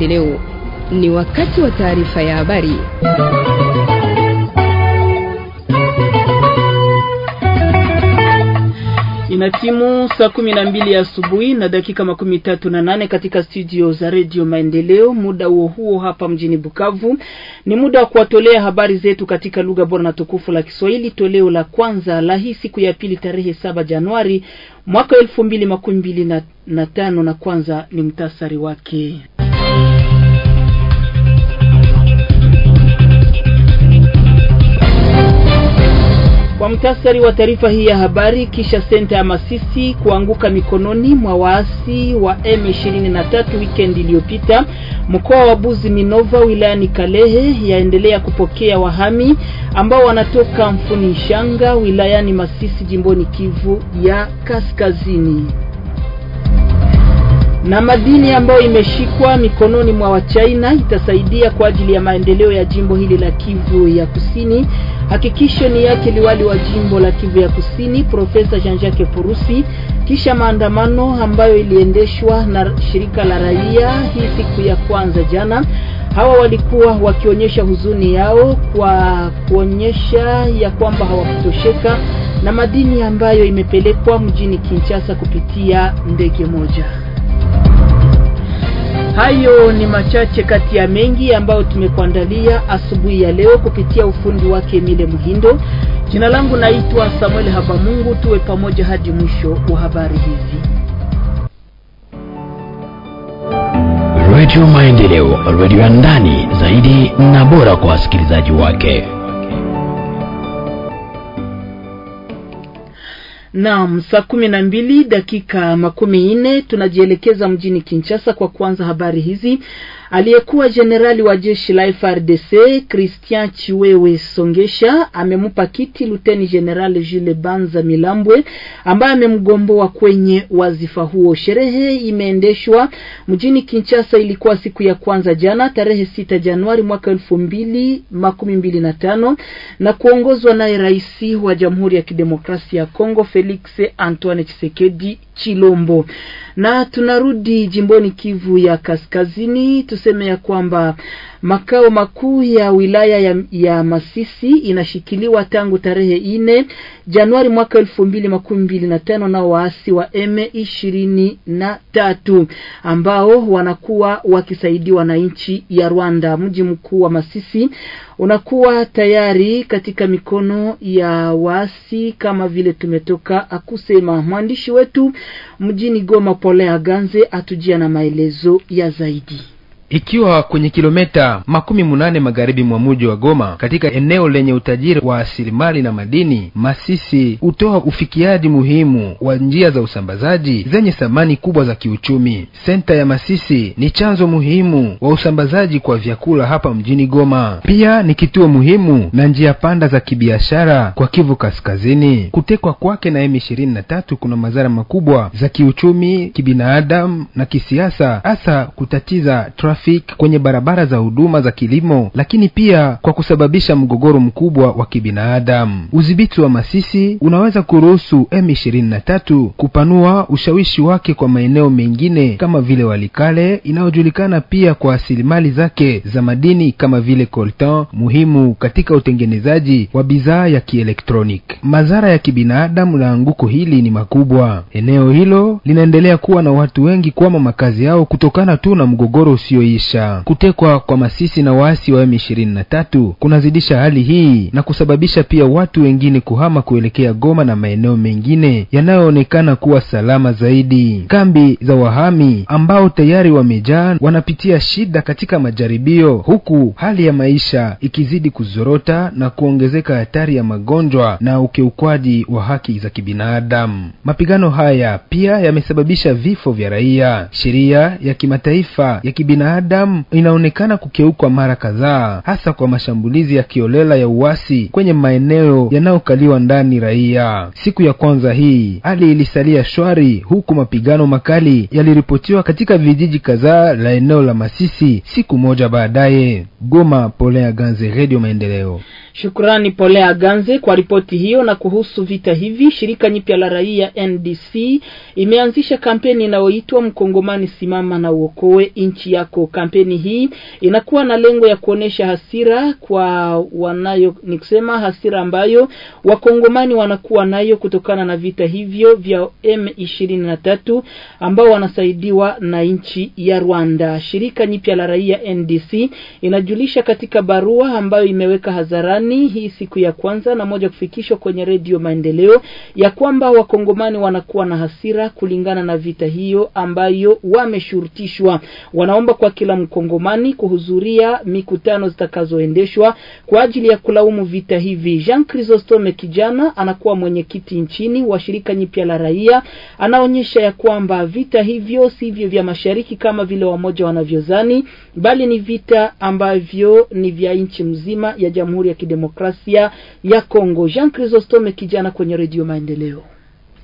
Leo ni wakati wa taarifa ya habari. timu saa kumi na mbili asubuhi na dakika makumi tatu na nane katika studio za redio Maendeleo. Muda huo huo hapa mjini Bukavu ni muda wa kuwatolea habari zetu katika lugha bora na tukufu la Kiswahili, toleo la kwanza la hii siku ya pili tarehe saba Januari mwaka elfu mbili makumi mbili na, na tano, na kwanza ni mtasari wake. mtasari wa taarifa hii ya habari. Kisha senta ya Masisi kuanguka mikononi mwa waasi wa M23 weekend iliyopita, mkoa wa Buzi Minova wilayani Kalehe yaendelea kupokea wahami ambao wanatoka mfuni shanga wilayani Masisi jimboni Kivu ya Kaskazini na madini ambayo imeshikwa mikononi mwa Wachina itasaidia kwa ajili ya maendeleo ya jimbo hili la Kivu ya Kusini. Hakikisho ni yake liwali wa jimbo la Kivu ya Kusini Profesa Jean-Jacques Purusi kisha maandamano ambayo iliendeshwa na shirika la raia hii siku ya kwanza jana. Hawa walikuwa wakionyesha huzuni yao kwa kuonyesha ya kwamba hawakutosheka na madini ambayo imepelekwa mjini Kinshasa kupitia ndege moja. Hayo ni machache kati ya mengi ambayo tumekuandalia asubuhi ya leo kupitia ufundi wake Emile Muhindo. Jina langu naitwa Samuel Habamungu. Tuwe pamoja hadi mwisho wa habari hizi. Radio Maendeleo, radio ya ndani zaidi na bora kwa wasikilizaji wake. Naam, saa kumi na mbili dakika makumi nne tunajielekeza mjini Kinshasa kwa kuanza habari hizi. Aliyekuwa jenerali wa jeshi la FRDC Christian Chiwewe Songesha amempa kiti luteni jenerali Jules Banza Milambwe ambaye amemgomboa kwenye wazifa huo. Sherehe imeendeshwa mjini Kinshasa, ilikuwa siku ya kwanza jana tarehe 6 Januari mwaka elfu mbili makumi mbili na tano na kuongozwa naye rais wa Jamhuri ya Kidemokrasia ya Kongo Felix Antoine Tshisekedi Chilombo. Na tunarudi jimboni Kivu ya Kaskazini, tuseme ya kwamba Makao makuu ya wilaya ya, ya Masisi inashikiliwa tangu tarehe ine Januari mwaka elfu mbili makumi mbili na tano na waasi wa M ishirini na tatu ambao wanakuwa wakisaidiwa na nchi ya Rwanda. Mji mkuu wa Masisi unakuwa tayari katika mikono ya waasi kama vile tumetoka akusema. Mwandishi wetu mjini Goma Polea Ganze atujia na maelezo ya zaidi ikiwa kwenye kilomita makumi munane magharibi mwa muji wa Goma, katika eneo lenye utajiri wa asilimali na madini. Masisi hutoa ufikiaji muhimu wa njia za usambazaji zenye thamani kubwa za kiuchumi. Senta ya Masisi ni chanzo muhimu wa usambazaji kwa vyakula hapa mjini Goma, pia ni kituo muhimu na njia panda za kibiashara kwa Kivu Kaskazini. Kutekwa kwake na M23 kuna madhara makubwa za kiuchumi, kibinadamu na kisiasa, hasa kutatiza trafiki kwenye barabara za huduma za kilimo, lakini pia kwa kusababisha mgogoro mkubwa wa kibinadamu. Udhibiti wa Masisi unaweza kuruhusu M23 kupanua ushawishi wake kwa maeneo mengine kama vile Walikale inayojulikana pia kwa rasilimali zake za madini kama vile coltan, muhimu katika utengenezaji wa bidhaa ya kielektronik Madhara ya kibinadamu na anguko hili ni makubwa. Eneo hilo linaendelea kuwa na watu wengi kuama makazi yao kutokana tu na mgogoro usio kuisha. Kutekwa kwa Masisi na waasi wa M23 kunazidisha hali hii na kusababisha pia watu wengine kuhama kuelekea Goma na maeneo mengine yanayoonekana kuwa salama zaidi. Kambi za wahami ambao tayari wamejaa wanapitia shida katika majaribio, huku hali ya maisha ikizidi kuzorota na kuongezeka hatari ya magonjwa na ukiukwaji wa haki za kibinadamu. Mapigano haya pia yamesababisha vifo vya raia. Sheria ya kimataifa ya kibinadamu binadamu inaonekana kukeukwa mara kadhaa, hasa kwa mashambulizi ya kiolela ya uasi kwenye maeneo yanayokaliwa ndani raia. Siku ya kwanza hii hali ilisalia shwari, huku mapigano makali yaliripotiwa katika vijiji kadhaa la eneo la Masisi siku moja baadaye. Goma, Polea Ganze, Redio Maendeleo. Shukrani Polea Ganze kwa ripoti hiyo. Na kuhusu vita hivi, shirika nyipya la raia NDC imeanzisha kampeni inayoitwa Mkongomani simama na uokoe nchi yako. Kampeni hii inakuwa na lengo ya kuonesha hasira kwa wanayo, ni kusema hasira ambayo wakongomani wanakuwa nayo kutokana na vita hivyo vya M23 ambao wanasaidiwa na nchi ya Rwanda. Shirika nyipya la raia NDC inajulisha katika barua ambayo imeweka hadharani Kongomani hii siku ya kwanza na moja kufikishwa kwenye redio Maendeleo ya kwamba Wakongomani wanakuwa na hasira kulingana na vita hiyo ambayo wameshurutishwa. Wanaomba kwa kila Mkongomani kuhudhuria mikutano zitakazoendeshwa kwa ajili ya kulaumu vita hivi. Jean Chrysostome kijana anakuwa mwenyekiti nchini wa shirika nyipya la raia, anaonyesha ya kwamba vita hivyo sivyo vya mashariki kama vile wamoja wanavyozani, bali ni vita ambavyo ni vya nchi mzima ya Jamhuri ya Kidemokrasia Demokrasia ya Kongo. Jean Chrysostome Kijana kwenye Redio Maendeleo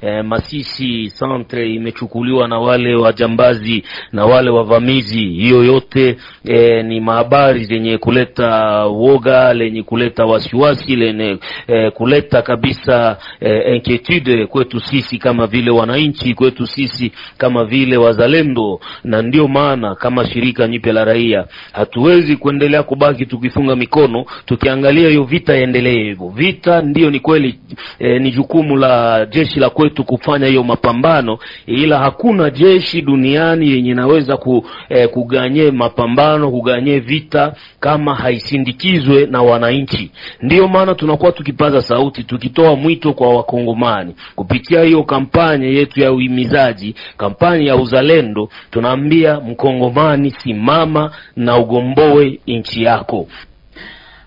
eh, Masisi centre imechukuliwa na wale wajambazi na wale wavamizi. Hiyo yote eh, ni mahabari zenye kuleta woga, lenye kuleta wasiwasi, lenye eh, kuleta kabisa eh, inquietude kwetu sisi kama vile wananchi, kwetu sisi kama vile wazalendo, na ndio maana kama shirika nyipe la raia hatuwezi kuendelea kubaki tukifunga mikono tukiangalia hiyo vita iendelee hivyo. Vita ndio ni kweli eh, ni jukumu la jeshi la kwetu wetu kufanya hiyo mapambano, ila hakuna jeshi duniani yenye inaweza ku, eh, kuganye mapambano kuganye vita kama haisindikizwe na wananchi. Ndiyo maana tunakuwa tukipaza sauti tukitoa mwito kwa Wakongomani kupitia hiyo kampanye yetu ya uhimizaji, kampani ya uzalendo, tunaambia Mkongomani simama na ugomboe nchi yako.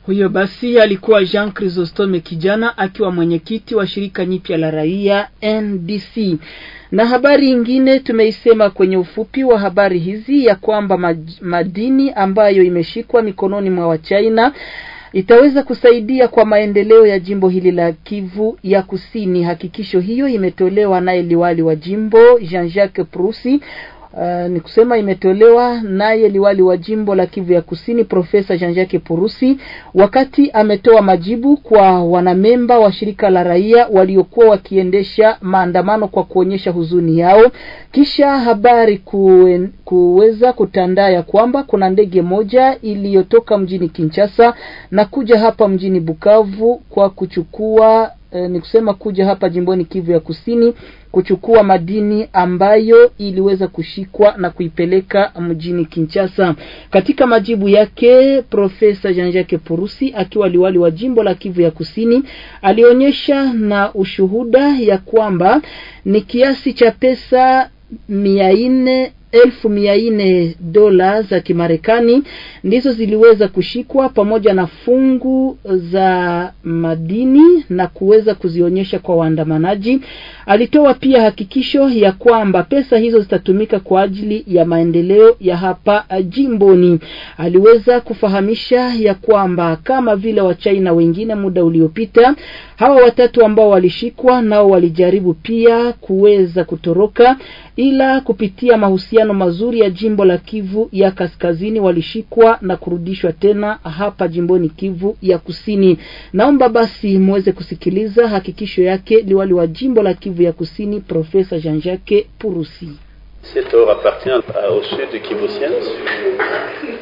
Huyo basi alikuwa Jean Chrysostome kijana akiwa mwenyekiti wa shirika nyipya la raia NDC. Na habari ingine tumeisema kwenye ufupi wa habari hizi ya kwamba madini ambayo imeshikwa mikononi mwa Wachina itaweza kusaidia kwa maendeleo ya jimbo hili la Kivu ya Kusini. Hakikisho hiyo imetolewa naye liwali wa jimbo Jean-Jacques Prusi Uh, ni kusema imetolewa naye liwali wa jimbo la Kivu ya Kusini Profesa Jean-Jacques Purusi wakati ametoa majibu kwa wanamemba wa shirika la raia waliokuwa wakiendesha maandamano kwa kuonyesha huzuni yao, kisha habari kuen, kuweza kutandaa ya kwamba kuna ndege moja iliyotoka mjini Kinshasa na kuja hapa mjini Bukavu kwa kuchukua e, ni kusema kuja hapa jimboni Kivu ya Kusini kuchukua madini ambayo iliweza kushikwa na kuipeleka mjini Kinshasa. Katika majibu yake, Profesa Jean-Jacques Purusi akiwa liwali wa jimbo la Kivu ya Kusini alionyesha na ushuhuda ya kwamba ni kiasi cha pesa mia nne elfu mia nne dola za Kimarekani ndizo ziliweza kushikwa pamoja na fungu za madini na kuweza kuzionyesha kwa waandamanaji. Alitoa pia hakikisho ya kwamba pesa hizo zitatumika kwa ajili ya maendeleo ya hapa jimboni. Aliweza kufahamisha ya kwamba kama vile Wachina wengine muda uliopita, hawa watatu ambao walishikwa nao walijaribu pia kuweza kutoroka, ila kupitia mahusiano mahusiano mazuri ya jimbo la Kivu ya Kaskazini walishikwa na kurudishwa tena hapa jimboni Kivu ya Kusini. Naomba basi muweze kusikiliza hakikisho yake liwali wa jimbo la Kivu ya Kusini, Profesa Jean-Jacques Purusi. Setor appartient euh, au sud kivusien,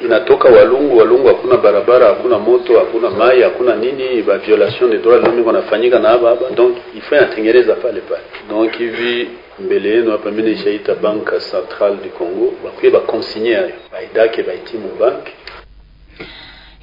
inatoka Walungu. Walungu hakuna barabara, hakuna moto, hakuna mai, hakuna nini, ba violation de droit de l'homme wanafanyika na hapa hapa, donc il faut inatengereza pale pale, donc hivi mbele yenu hapa mi nishaita banka centrale du congo bakwiye bakonsigne ayo baidake bayitimu banke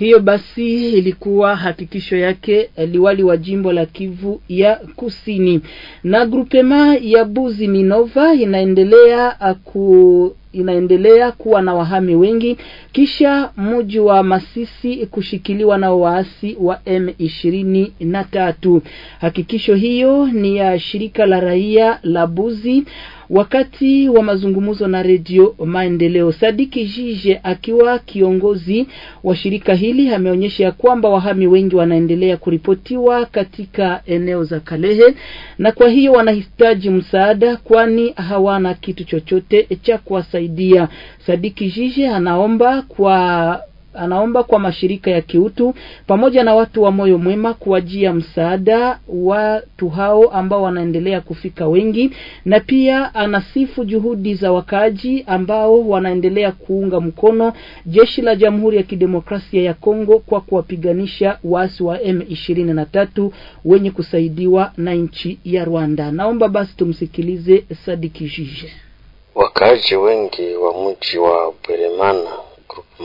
hiyo basi ilikuwa hakikisho yake eh, liwali wa jimbo la Kivu ya Kusini. Na grupema ya Buzi Minova inaendelea aku eh, inaendelea kuwa na wahami wengi kisha mji wa Masisi kushikiliwa na waasi wa M23. Hakikisho hiyo ni ya shirika la raia la Buzi wakati wa mazungumzo na redio Maendeleo. Sadiki Jije akiwa kiongozi wa shirika hili ameonyesha ya kwamba wahami wengi wanaendelea kuripotiwa katika eneo za Kalehe, na kwa hiyo wanahitaji msaada, kwani hawana kitu chochote cha kuwasaidia. Sadiki Jije anaomba kwa anaomba kwa mashirika ya kiutu pamoja na watu wa moyo mwema kuwajia msaada watu hao ambao wanaendelea kufika wengi, na pia anasifu juhudi za wakaaji ambao wanaendelea kuunga mkono jeshi la Jamhuri ya Kidemokrasia ya Kongo kwa kuwapiganisha waasi wa M23 wenye kusaidiwa na nchi ya Rwanda. Naomba basi tumsikilize Sadiki Jije. Wakaaji wengi wa mji wa Bweremana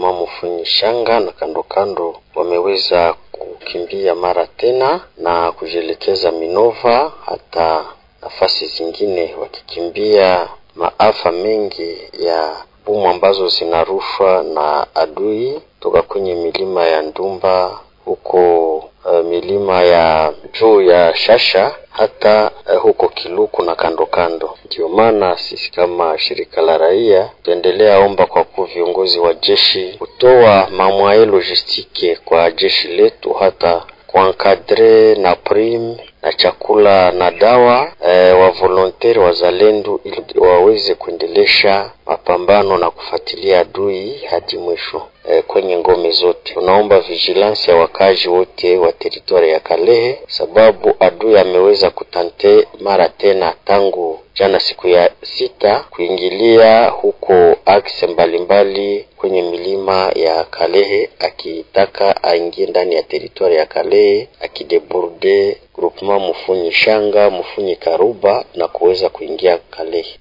mamo kwenye shanga na kando kando wameweza kukimbia mara tena na kujielekeza Minova hata nafasi zingine, wakikimbia maafa mengi ya bomu ambazo zinarushwa na adui toka kwenye milima ya Ndumba huko uh, milima ya juu ya Shasha hata uh, huko Kiluku na kando kando. ndio maana sisi kama shirika la raia tuendelea omba kwa kuu viongozi wa jeshi kutoa mamwae logistike kwa jeshi letu hata kuankadre na prime na chakula na dawa e, wa volontaire wazalendo ili waweze kuendelesha mapambano na kufuatilia adui hadi mwisho e, kwenye ngome zote. Tunaomba vigilance ya wakazi wote wa teritoria ya Kalehe, sababu adui ameweza kutante mara tena tangu jana siku ya sita kuingilia huko akse mbalimbali kwenye milima ya Kalehe, akitaka aingie ndani ya teritoria ya Kalehe akideburde groupement Mufunyi Shanga, Mufunyi Karuba na kuweza kuingia Kalehe.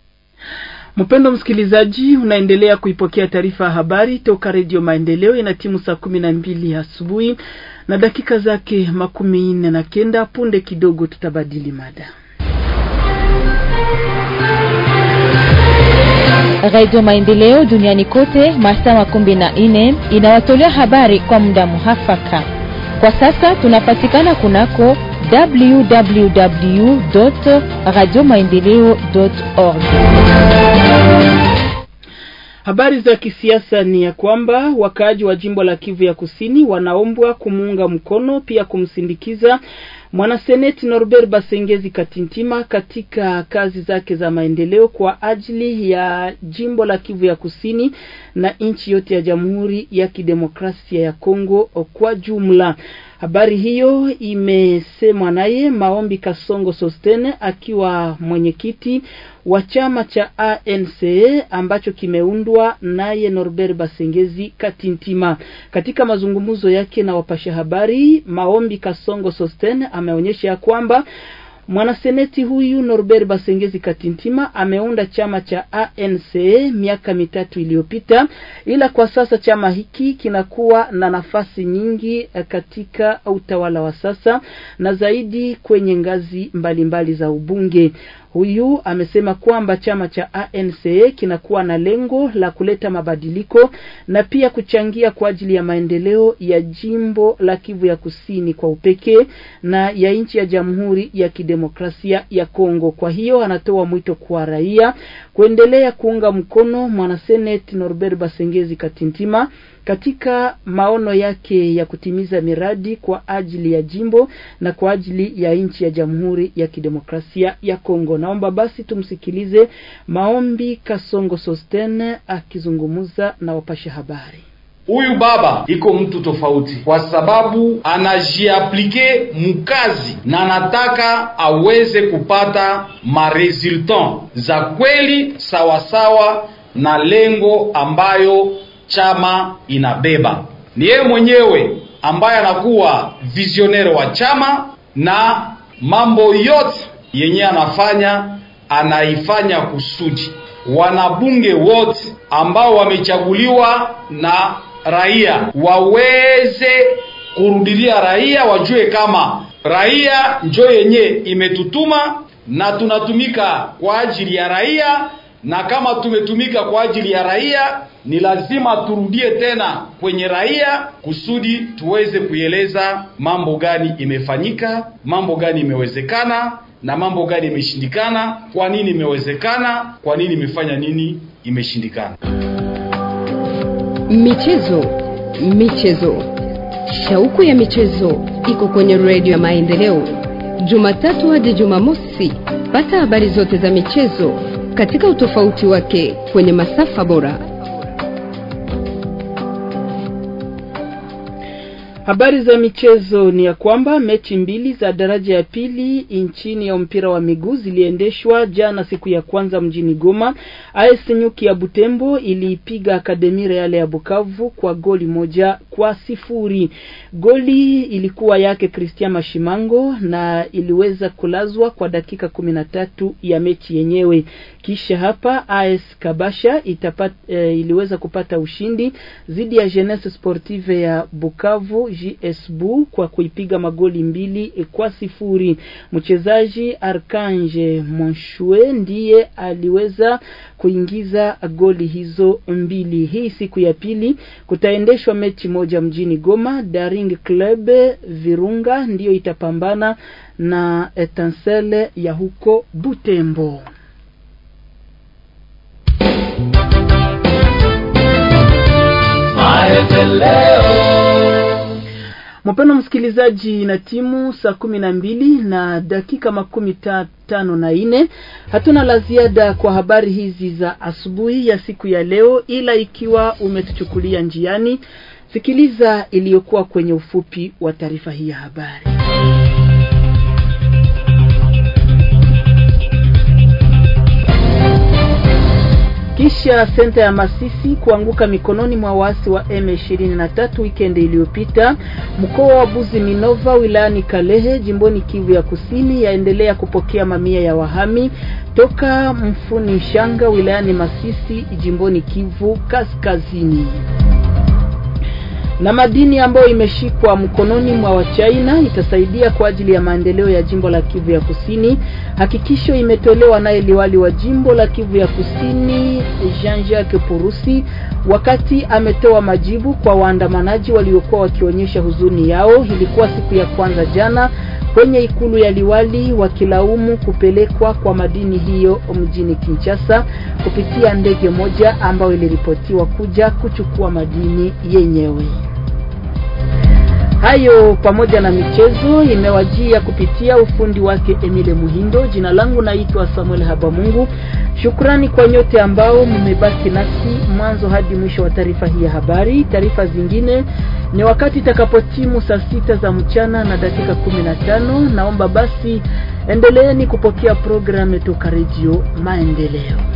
Mpendo msikilizaji, unaendelea kuipokea taarifa ya habari toka Redio Maendeleo. Ina timu saa kumi na mbili asubuhi na dakika zake makumi nne na kenda. Punde kidogo tutabadili mada. Radio Maendeleo duniani kote masaa makumi na nne inawatolea habari kwa muda muhafaka. Kwa sasa tunapatikana kunako www.radiomaendeleo.org. Habari za kisiasa ni ya kwamba wakaaji wa jimbo la Kivu ya Kusini wanaombwa kumuunga mkono pia kumsindikiza mwanaseneti Norbert Basengezi Katintima katika kazi zake za maendeleo kwa ajili ya jimbo la Kivu ya Kusini na nchi yote ya Jamhuri ya Kidemokrasia ya Kongo kwa jumla. Habari hiyo imesemwa naye Maombi Kasongo Sostene akiwa mwenyekiti wa chama cha ANC ambacho kimeundwa naye Norbert Basengezi Katintima. Katika mazungumzo yake na wapasha habari, Maombi Kasongo Sosten ameonyesha kwamba Mwanaseneti huyu Norbert Basengezi Katintima ameunda chama cha ANC miaka mitatu iliyopita, ila kwa sasa chama hiki kinakuwa na nafasi nyingi eh, katika utawala wa sasa na zaidi kwenye ngazi mbalimbali mbali za ubunge. Huyu amesema kwamba chama cha ANC kinakuwa na lengo la kuleta mabadiliko na pia kuchangia kwa ajili ya maendeleo ya jimbo la Kivu ya Kusini kwa upekee na ya nchi ya Jamhuri ya Kidemokrasia ya Kongo. Kwa hiyo anatoa mwito kwa raia kuendelea kuunga mkono mwanaseneti Norbert Basengezi Katintima katika maono yake ya kutimiza miradi kwa ajili ya jimbo na kwa ajili ya nchi ya Jamhuri ya Kidemokrasia ya Kongo. Naomba basi tumsikilize Maombi Kasongo Sostene akizungumza na wapasha habari. Huyu baba iko mtu tofauti kwa sababu anajiaplike mkazi na anataka aweze kupata maresultat za kweli sawasawa na lengo ambayo chama inabeba. Ni yeye mwenyewe ambaye anakuwa visionero wa chama na mambo yote yenye anafanya anaifanya kusudi wanabunge wote ambao wamechaguliwa na raia waweze kurudilia raia, wajue kama raia njo yenye imetutuma na tunatumika kwa ajili ya raia na kama tumetumika kwa ajili ya raia, ni lazima turudie tena kwenye raia kusudi tuweze kuieleza mambo gani imefanyika, mambo gani imewezekana na mambo gani imeshindikana, kwa nini imewezekana, kwa nini imefanya nini imeshindikana. Michezo, michezo, shauku ya michezo iko kwenye redio ya Maendeleo, Jumatatu hadi Jumamosi. Pata habari zote za michezo katika utofauti wake kwenye masafa bora Habari za michezo ni ya kwamba mechi mbili za daraja ya pili nchini ya mpira wa miguu ziliendeshwa jana siku ya kwanza mjini Goma. AS Nyuki ya Butembo iliipiga Akademi Reale ya Bukavu kwa goli moja kwa sifuri. Goli ilikuwa yake Christian Mashimango na iliweza kulazwa kwa dakika kumi na tatu ya mechi yenyewe. Kisha hapa AS Kabasha itapata, e, eh, iliweza kupata ushindi dhidi ya Jeunesse Sportive ya Bukavu JSBU kwa kuipiga magoli mbili kwa sifuri. Mchezaji Arkange Monshue ndiye aliweza kuingiza goli hizo mbili. Hii siku ya pili kutaendeshwa mechi moja mjini Goma. Daring Club Virunga ndiyo itapambana na Etancelle ya huko Butembo. Maendeleo Mpendwa msikilizaji, na timu saa kumi na mbili na dakika makumi tano na nne. Hatuna la ziada kwa habari hizi za asubuhi ya siku ya leo, ila ikiwa umetuchukulia njiani, sikiliza iliyokuwa kwenye ufupi wa taarifa hii ya habari. kisha senta ya Masisi kuanguka mikononi mwa waasi wa M23 wikendi iliyopita. Mkoa wa Buzi Minova wilayani Kalehe jimboni Kivu ya Kusini yaendelea kupokea mamia ya wahami toka Mfuni Shanga wilayani Masisi jimboni Kivu Kaskazini na madini ambayo imeshikwa mkononi mwa Wachina itasaidia kwa ajili ya maendeleo ya jimbo la Kivu ya Kusini. Hakikisho imetolewa naye liwali wa jimbo la Kivu ya Kusini Jean-Jacques Purusi wakati ametoa majibu kwa waandamanaji waliokuwa wakionyesha huzuni yao. Ilikuwa siku ya kwanza jana kwenye ikulu ya liwali wakilaumu kupelekwa kwa madini hiyo mjini Kinshasa kupitia ndege moja ambayo iliripotiwa kuja kuchukua madini yenyewe. Hayo pamoja na michezo imewajia kupitia ufundi wake Emile Muhindo. Jina langu naitwa Samuel Habamungu. Shukrani kwa nyote ambao mmebaki nasi mwanzo hadi mwisho wa taarifa hii ya habari. Taarifa zingine ni wakati itakapotimu saa sita za mchana na dakika 15 Naomba basi endeleeni kupokea programu toka Redio Maendeleo.